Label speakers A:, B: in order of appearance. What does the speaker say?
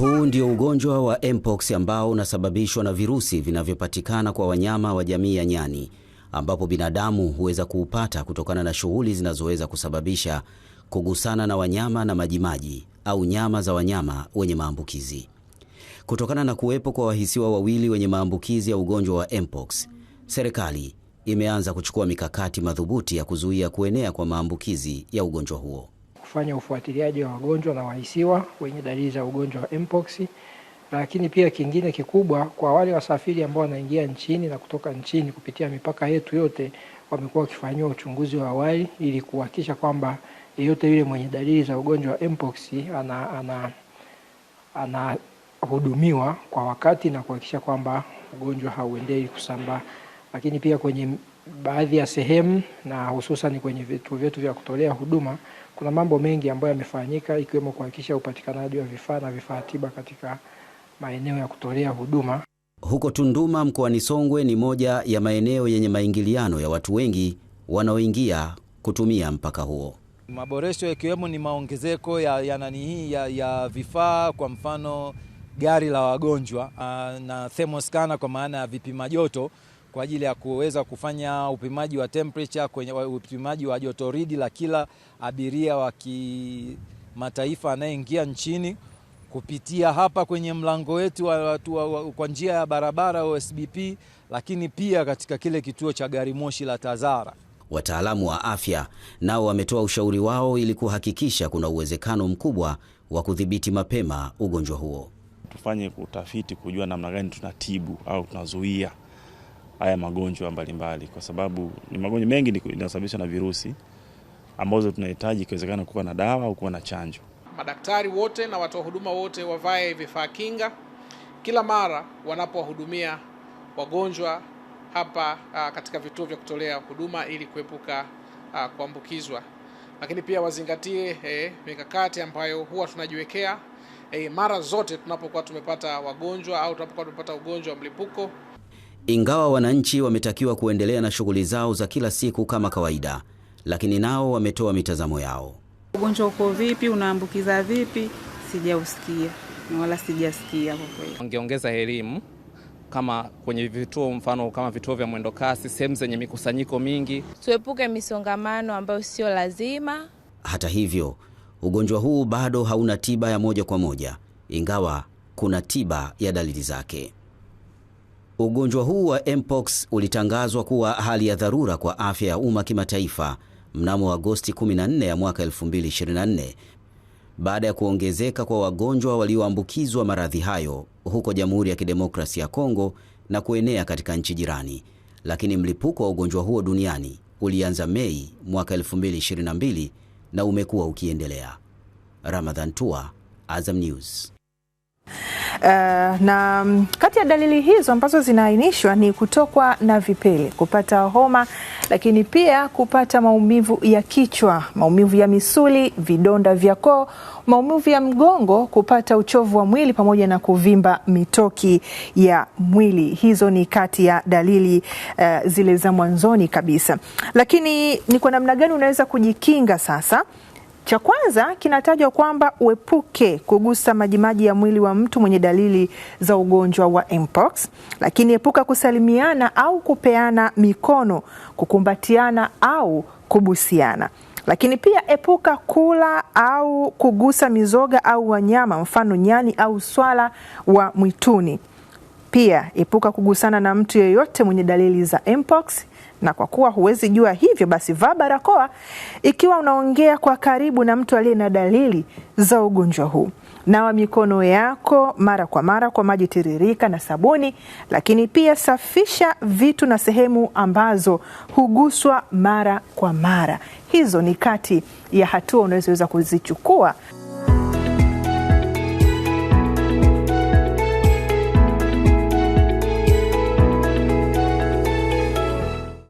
A: Huu ndio ugonjwa wa mpox ambao unasababishwa na virusi vinavyopatikana kwa wanyama wa jamii ya nyani, ambapo binadamu huweza kuupata kutokana na shughuli zinazoweza kusababisha kugusana na wanyama na majimaji au nyama za wanyama wenye maambukizi. Kutokana na kuwepo kwa wahisiwa wawili wenye maambukizi ya ugonjwa wa mpox, serikali imeanza kuchukua mikakati madhubuti ya kuzuia kuenea kwa maambukizi ya ugonjwa huo
B: kufanya ufuatiliaji wa wagonjwa na wahisiwa wenye dalili za ugonjwa wa mpox, lakini pia kingine kikubwa kwa wale wasafiri ambao wanaingia nchini na kutoka nchini kupitia mipaka yetu yote, wamekuwa wakifanyiwa uchunguzi wa awali ili kuhakikisha kwamba yeyote yule mwenye dalili za ugonjwa wa mpox ana, ana, anahudumiwa kwa wakati na kuhakikisha kwamba ugonjwa hauendelei kusambaa lakini pia kwenye baadhi ya sehemu na hususan kwenye vituo vyetu vya kutolea huduma kuna mambo mengi ambayo yamefanyika ikiwemo kuhakikisha upatikanaji wa vifaa na vifaa tiba katika maeneo ya kutolea huduma.
A: Huko Tunduma mkoani Songwe ni moja ya maeneo yenye maingiliano ya watu wengi wanaoingia kutumia mpaka huo.
C: Maboresho yakiwemo ni maongezeko ya, ya nani hii ya, ya vifaa kwa mfano gari la wagonjwa ah, na thermoskana kwa maana ya vipima joto kwa ajili ya kuweza kufanya upimaji wa temperature kwenye upimaji wa jotoridi la kila abiria wa kimataifa anayeingia nchini kupitia hapa kwenye mlango wetu kwa njia ya barabara OSBP, lakini pia katika kile kituo cha gari moshi la Tazara.
A: Wataalamu wa afya nao wametoa ushauri wao ili kuhakikisha kuna uwezekano mkubwa wa kudhibiti mapema ugonjwa huo.
D: Tufanye utafiti kujua namna gani tunatibu au tunazuia haya magonjwa mbalimbali, kwa sababu ni magonjwa mengi inayosababishwa na virusi ambazo tunahitaji ikiwezekana kuwa na dawa au kuwa na chanjo.
E: Madaktari wote na watoa huduma wote wavae vifaa kinga kila mara wanapowahudumia wagonjwa hapa a, ah, katika vituo vya kutolea huduma ili kuepuka ah, kuambukizwa, lakini pia wazingatie e, mikakati ambayo huwa tunajiwekea e, mara zote tunapokuwa tumepata wagonjwa au tunapokuwa tumepata ugonjwa wa mlipuko.
A: Ingawa wananchi wametakiwa kuendelea na shughuli zao za kila siku kama kawaida, lakini nao wametoa mitazamo yao.
F: Ugonjwa uko vipi? Unaambukiza vipi? Sijausikia wala sijasikia kwa kweli.
G: Wangeongeza elimu kama kwenye vituo, mfano kama vituo vya mwendokasi, sehemu zenye mikusanyiko mingi,
H: tuepuke misongamano ambayo sio lazima.
A: Hata hivyo, ugonjwa huu bado hauna tiba ya moja kwa moja, ingawa kuna tiba ya dalili zake. Ugonjwa huu wa mpox ulitangazwa kuwa hali ya dharura kwa afya ya umma kimataifa mnamo Agosti 14 ya mwaka 2024 baada ya kuongezeka kwa wagonjwa walioambukizwa maradhi hayo huko Jamhuri ya kidemokrasi ya Kongo na kuenea katika nchi jirani. Lakini mlipuko wa ugonjwa huo duniani ulianza Mei mwaka 2022 na umekuwa ukiendelea. Ramadhan Tua, Azam News.
I: Eh, na mm, kati ya dalili hizo ambazo zinaainishwa ni kutokwa na vipele, kupata homa, lakini pia kupata maumivu ya kichwa, maumivu ya misuli, vidonda vya koo, maumivu ya mgongo, kupata uchovu wa mwili pamoja na kuvimba mitoki ya mwili. Hizo ni kati ya dalili uh, zile za mwanzoni kabisa. Lakini ni kwa namna gani unaweza kujikinga sasa? Cha kwanza kinatajwa kwamba uepuke kugusa majimaji ya mwili wa mtu mwenye dalili za ugonjwa wa mpox, lakini epuka kusalimiana au kupeana mikono, kukumbatiana au kubusiana. Lakini pia epuka kula au kugusa mizoga au wanyama, mfano nyani au swala wa mwituni. Pia epuka kugusana na mtu yeyote mwenye dalili za mpox, na kwa kuwa huwezi jua hivyo, basi vaa barakoa ikiwa unaongea kwa karibu na mtu aliye na dalili za ugonjwa huu. Nawa mikono yako mara kwa mara kwa maji tiririka na sabuni, lakini pia safisha vitu na sehemu ambazo huguswa mara kwa mara. Hizo ni kati ya hatua unazoweza kuzichukua.